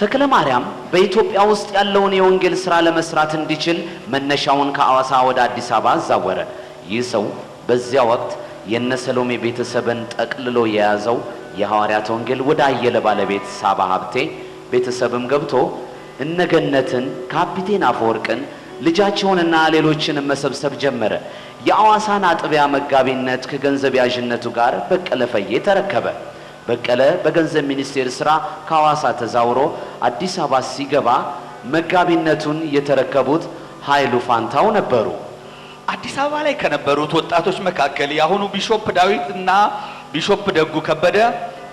ተክለ ማርያም በኢትዮጵያ ውስጥ ያለውን የወንጌል ስራ ለመስራት እንዲችል መነሻውን ከአዋሳ ወደ አዲስ አበባ አዛወረ። ይህ ሰው በዚያ ወቅት የነ ሰሎሜ ቤተሰብን ጠቅልሎ የያዘው የሐዋርያት ወንጌል ወደ አየለ ባለቤት ሳባ ሀብቴ ቤተሰብም ገብቶ እነገነትን፣ ካፒቴን አፈወርቅን፣ ልጃቸውንና ሌሎችንም መሰብሰብ ጀመረ። የአዋሳን አጥቢያ መጋቢነት ከገንዘብ ያዥነቱ ጋር በቀለ ፈዬ ተረከበ። በቀለ በገንዘብ ሚኒስቴር ስራ ከሐዋሳ ተዛውሮ አዲስ አበባ ሲገባ መጋቢነቱን የተረከቡት ኃይሉ ፋንታው ነበሩ። አዲስ አበባ ላይ ከነበሩት ወጣቶች መካከል የአሁኑ ቢሾፕ ዳዊት እና ቢሾፕ ደጉ ከበደ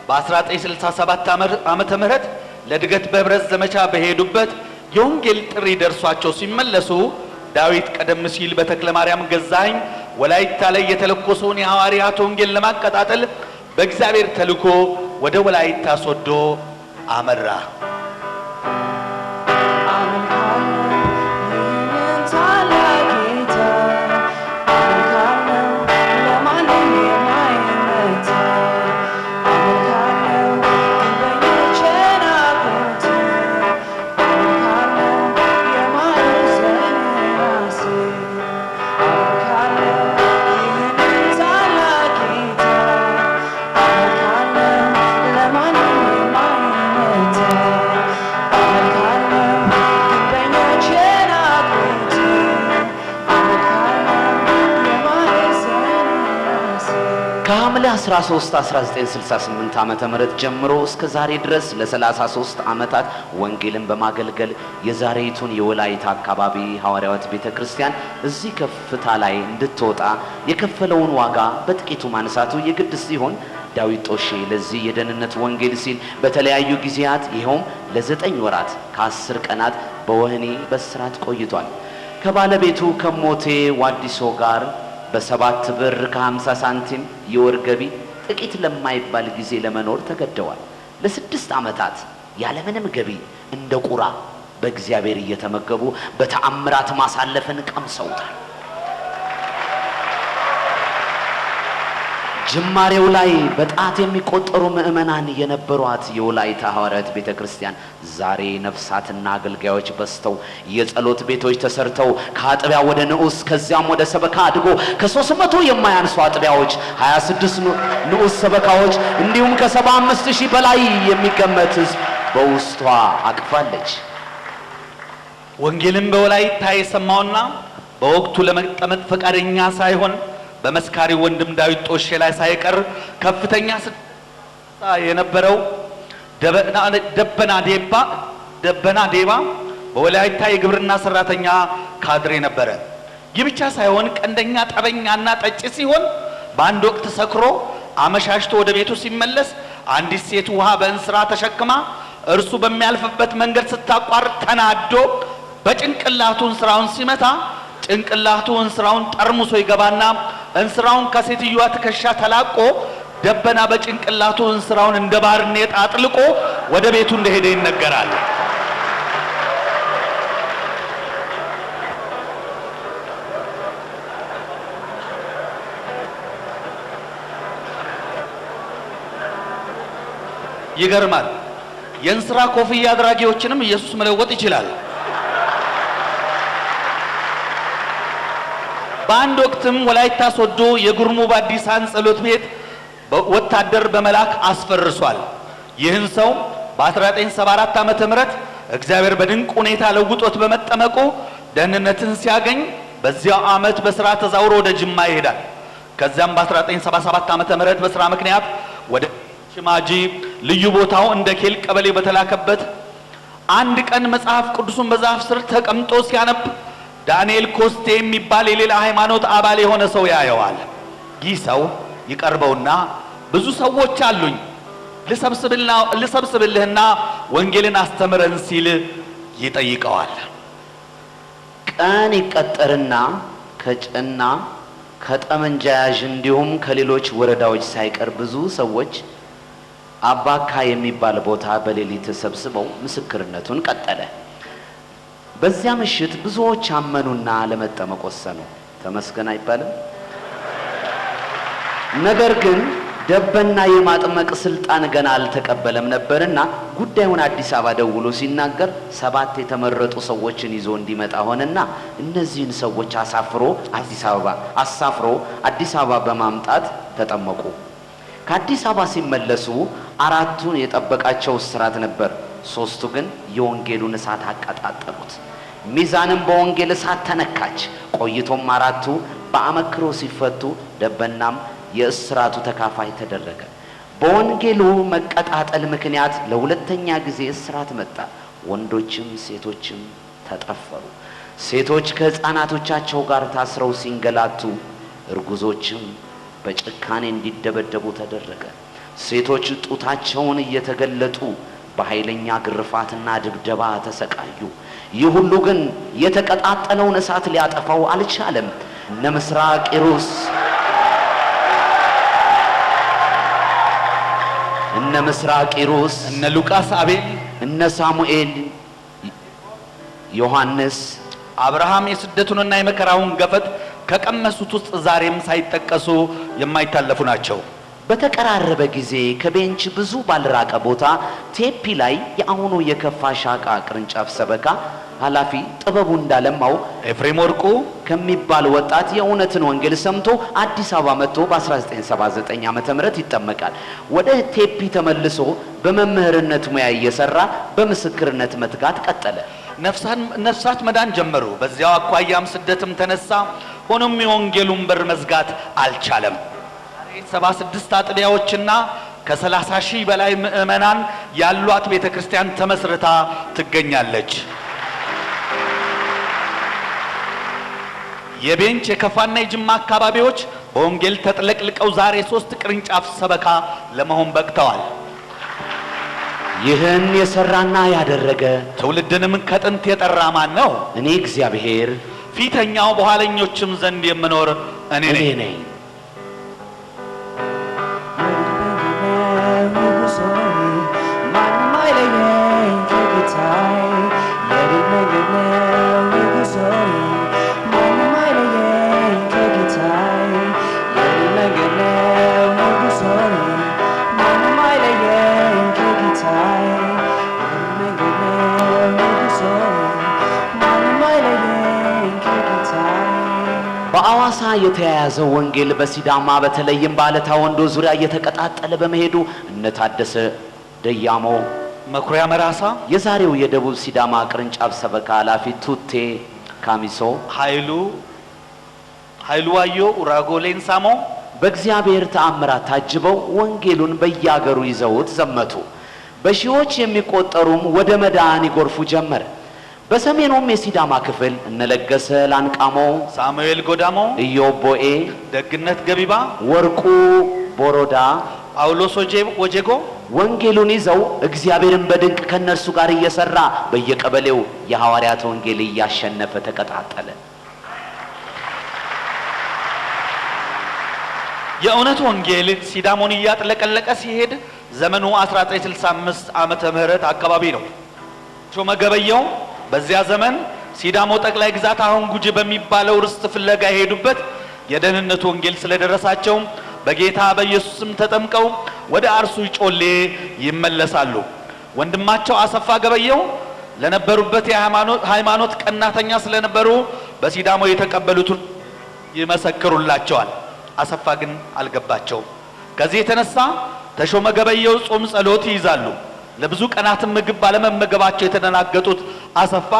በ1967 ዓመተ ምህረት ለእድገት በህብረት ዘመቻ በሄዱበት የወንጌል ጥሪ ደርሷቸው ሲመለሱ ዳዊት ቀደም ሲል በተክለ ማርያም ገዛኸኝ ወላይታ ላይ የተለኮሰውን የሐዋርያት ወንጌል ለማቀጣጠል በእግዚአብሔር ተልኮ ወደ ወላይታ ሶዶ አመራ። ከሐምሌ 13 1968 ዓመተ ምህረት ጀምሮ እስከ ዛሬ ድረስ ለ33 ዓመታት ወንጌልን በማገልገል የዛሬቱን የወላይት አካባቢ ሐዋርያት ቤተክርስቲያን እዚህ ከፍታ ላይ እንድትወጣ የከፈለውን ዋጋ በጥቂቱ ማንሳቱ የግድ ሲሆን ዳዊት ጦሼ ለዚህ የደህንነት ወንጌል ሲል በተለያዩ ጊዜያት ይኸውም ለዘጠኝ ወራት ከአስር ቀናት በወህኒ በስራት ቆይቷል። ከባለቤቱ ከሞቴ ዋዲሶ ጋር በሰባት ብር ከሀምሳ ሳንቲም የወር ገቢ ጥቂት ለማይባል ጊዜ ለመኖር ተገደዋል። ለስድስት ዓመታት ያለምንም ገቢ እንደ ቁራ በእግዚአብሔር እየተመገቡ በተአምራት ማሳለፍን ቀምሰውታል። ጅማሬው ላይ በጣት የሚቆጠሩ ምዕመናን የነበሯት የወላይታ ሐዋርያት ቤተ ክርስቲያን ዛሬ ነፍሳትና አገልጋዮች በዝተው የጸሎት ቤቶች ተሰርተው ከአጥቢያ ወደ ንዑስ ከዚያም ወደ ሰበካ አድጎ ከሦስት መቶ የማያንሱ አጥቢያዎች 26 ንዑስ ሰበካዎች እንዲሁም ከሰባ አምስት ሺህ በላይ የሚገመት ህዝብ በውስጧ አቅፋለች። ወንጌልን በወላይታ የሰማውና በወቅቱ ለመጠመቅ ፈቃደኛ ሳይሆን በመስካሪ ወንድም ዳዊት ጦሼ ላይ ሳይቀር ከፍተኛ ስታ የነበረው ደበና ዴባ ደበና ዴባ በወላይታ የግብርና ሰራተኛ ካድሬ ነበረ። ይህ ብቻ ሳይሆን ቀንደኛ ጠበኛና ጠጪ ሲሆን በአንድ ወቅት ሰክሮ አመሻሽቶ ወደ ቤቱ ሲመለስ አንዲት ሴት ውሃ በእንስራ ተሸክማ እርሱ በሚያልፍበት መንገድ ስታቋርጥ ተናዶ በጭንቅላቱ እንስራውን ሲመታ ጭንቅላቱ እንስራውን ጠርሙሶ ይገባና እንስራውን ከሴትዮዋ ትከሻ ተላቆ ደበና በጭንቅላቱ እንስራውን እንደ ባርኔጥ አጥልቆ ወደ ቤቱ እንደሄደ ይነገራል። ይገርማል። የእንስራ ኮፍያ አድራጊዎችንም ኢየሱስ መለወጥ ይችላል። በአንድ ወቅትም ወላይታ ሶዶ የጉርሙ ባዲሳን ጸሎት ቤት ወታደር በመላክ አስፈርሷል። ይህን ሰው በ1974 ዓመተ ምህረት እግዚአብሔር በድንቅ ሁኔታ ለውጦት በመጠመቁ ደህንነትን ሲያገኝ በዚያው ዓመት በስራ ተዛውሮ ወደ ጅማ ይሄዳል። ከዚያም በ1977 ዓመተ ምህረት በስራ ምክንያት ወደ ሽማጂ ልዩ ቦታው እንደ ኬል ቀበሌ በተላከበት አንድ ቀን መጽሐፍ ቅዱሱን በዛፍ ስር ተቀምጦ ሲያነብ ዳንኤል ኮስቴ የሚባል የሌላ ሃይማኖት አባል የሆነ ሰው ያየዋል። ይህ ሰው ይቀርበውና ብዙ ሰዎች አሉኝ ልሰብስብልህና ወንጌልን አስተምረን ሲል ይጠይቀዋል። ቀን ይቀጠርና ከጭና ከጠመንጃ ያዥ እንዲሁም ከሌሎች ወረዳዎች ሳይቀር ብዙ ሰዎች አባካ የሚባል ቦታ በሌሊት ተሰብስበው ምስክርነቱን ቀጠለ። በዚያ ምሽት ብዙዎች አመኑና ለመጠመቅ ወሰኑ። ተመስገን አይባልም። ነገር ግን ደበና የማጥመቅ ስልጣን ገና አልተቀበለም ነበርና ጉዳዩን አዲስ አበባ ደውሎ ሲናገር ሰባት የተመረጡ ሰዎችን ይዞ እንዲመጣ ሆነና እነዚህን ሰዎች አሳፍሮ አዲስ አበባ አሳፍሮ አዲስ አበባ በማምጣት ተጠመቁ። ከአዲስ አበባ ሲመለሱ አራቱን የጠበቃቸው እስራት ነበር። ሶስቱ ግን የወንጌሉን እሳት አቀጣጠሉት። ሚዛንም በወንጌል እሳት ተነካች። ቆይቶም አራቱ በአመክሮ ሲፈቱ ደበናም የእስራቱ ተካፋይ ተደረገ። በወንጌሉ መቀጣጠል ምክንያት ለሁለተኛ ጊዜ እስራት መጣ። ወንዶችም ሴቶችም ተጠፈሩ። ሴቶች ከሕፃናቶቻቸው ጋር ታስረው ሲንገላቱ፣ እርጉዞችም በጭካኔ እንዲደበደቡ ተደረገ። ሴቶች ጡታቸውን እየተገለጡ በኃይለኛ ግርፋትና ድብደባ ተሰቃዩ። ይህ ሁሉ ግን የተቀጣጠለውን እሳት ሊያጠፋው አልቻለም። እነ ምስራቅ እነ ምስራቅ ሩስ እነ ሉቃስ አቤል እነ ሳሙኤል ዮሐንስ አብርሃም የስደቱንና የመከራውን ገፈት ከቀመሱት ውስጥ ዛሬም ሳይጠቀሱ የማይታለፉ ናቸው። በተቀራረበ ጊዜ ከቤንች ብዙ ባልራቀ ቦታ ቴፒ ላይ የአሁኑ የከፋ ሻቃ ቅርንጫፍ ሰበካ ኃላፊ ጥበቡ እንዳለማው ኤፍሬም ወርቁ ከሚባል ወጣት የእውነትን ወንጌል ሰምቶ አዲስ አበባ መጥቶ በ1979 ዓ ም ይጠመቃል። ወደ ቴፒ ተመልሶ በመምህርነት ሙያ እየሰራ በምስክርነት መትጋት ቀጠለ። ነፍሳት መዳን ጀመሩ። በዚያው አኳያም ስደትም ተነሳ። ሆኖም የወንጌሉን በር መዝጋት አልቻለም። ስድስት አጥቢያዎችና ከ30 ሺህ በላይ ምዕመናን ያሏት ቤተ ክርስቲያን ተመስርታ ትገኛለች። የቤንች የከፋና የጅማ አካባቢዎች በወንጌል ተጥለቅልቀው ዛሬ ሶስት ቅርንጫፍ ሰበካ ለመሆን በቅተዋል። ይህን የሰራና ያደረገ ትውልድንም ከጥንት የጠራ ማን ነው? እኔ እግዚአብሔር ፊተኛው በኋለኞችም ዘንድ የምኖር እኔ ነኝ። በአዋሳ የተያያዘው ወንጌል በሲዳማ በተለይም ባለታ ወንዶ ዙሪያ እየተቀጣጠለ በመሄዱ እነታደሰ ደያሞ መኩሪያ መራሳ የዛሬው የደቡብ ሲዳማ ቅርንጫፍ ሰበካ ኃላፊ ቱቴ ካሚሶ ኃይሉ ኃይሉ ዋዮ ኡራጎ ሌንሳሞ በእግዚአብሔር ተአምራት ታጅበው ወንጌሉን በያገሩ ይዘውት ዘመቱ። በሺዎች የሚቆጠሩም ወደ መዳን ይጎርፉ ጀመር። በሰሜኑም የሲዳማ ክፍል እነለገሰ ላንቃሞ፣ ሳሙኤል ጎዳሞ፣ ኢዮብ ደግነት ገቢባ፣ ወርቁ ቦሮዳ፣ ጳውሎስ ወጀጎ ወንጌሉን ይዘው እግዚአብሔርን በድንቅ ከእነርሱ ጋር እየሰራ በየቀበሌው የሐዋርያት ወንጌል እያሸነፈ ተቀጣጠለ። የእውነት ወንጌል ሲዳሞን እያጥለቀለቀ ሲሄድ ዘመኑ 1965 ዓመተ ምህረት አካባቢ ነው። ሾመ ገበየው በዚያ ዘመን ሲዳሞ ጠቅላይ ግዛት አሁን ጉጂ በሚባለው ርስት ፍለጋ የሄዱበት የደህንነት ወንጌል ስለደረሳቸው በጌታ በኢየሱስም ተጠምቀው ወደ አርሱ ጮሌ ይመለሳሉ። ወንድማቸው አሰፋ ገበየው ለነበሩበት የሃይማኖት ቀናተኛ ስለነበሩ በሲዳሞ የተቀበሉትን ይመሰክሩላቸዋል። አሰፋ ግን አልገባቸውም። ከዚህ የተነሳ ተሾመ ገበየው ጾም ጸሎት ይይዛሉ። ለብዙ ቀናት ምግብ ባለመመገባቸው የተደናገጡት አሰፋ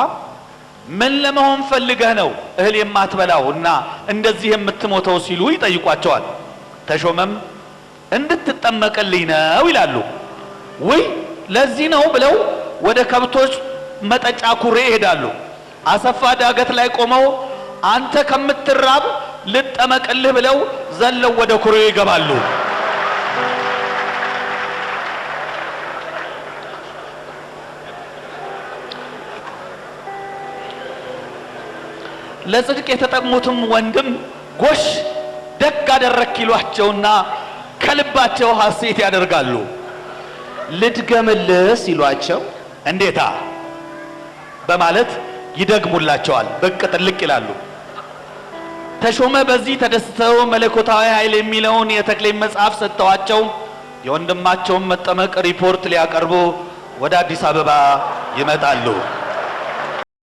ምን ለመሆን ፈልገህ ነው እህል የማትበላው እና እንደዚህ የምትሞተው ሲሉ ይጠይቋቸዋል። ተሾመም እንድትጠመቅልኝ ነው ይላሉ። ውይ ለዚህ ነው ብለው ወደ ከብቶች መጠጫ ኩሬ ይሄዳሉ። አሰፋ ዳገት ላይ ቆመው አንተ ከምትራብ ልጠመቅልህ ብለው ዘለው ወደ ኩሬ ይገባሉ። ለጽድቅ የተጠቅሙትም ወንድም ጎሽ ደግ አደረክ ይሏቸውና ከልባቸው ሐሴት ያደርጋሉ። ልድገምልህ ይሏቸው እንዴታ በማለት ይደግሙላቸዋል። ብቅ ጥልቅ ይላሉ። ተሾመ በዚህ ተደስተው መለኮታዊ ኃይል የሚለውን የተክሌን መጽሐፍ ሰጥተዋቸው የወንድማቸውን መጠመቅ ሪፖርት ሊያቀርቡ ወደ አዲስ አበባ ይመጣሉ።